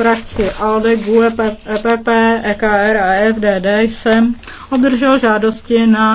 frakci ALDE, GUE, EPP, EKR a FDD jsem obdržel žádosti na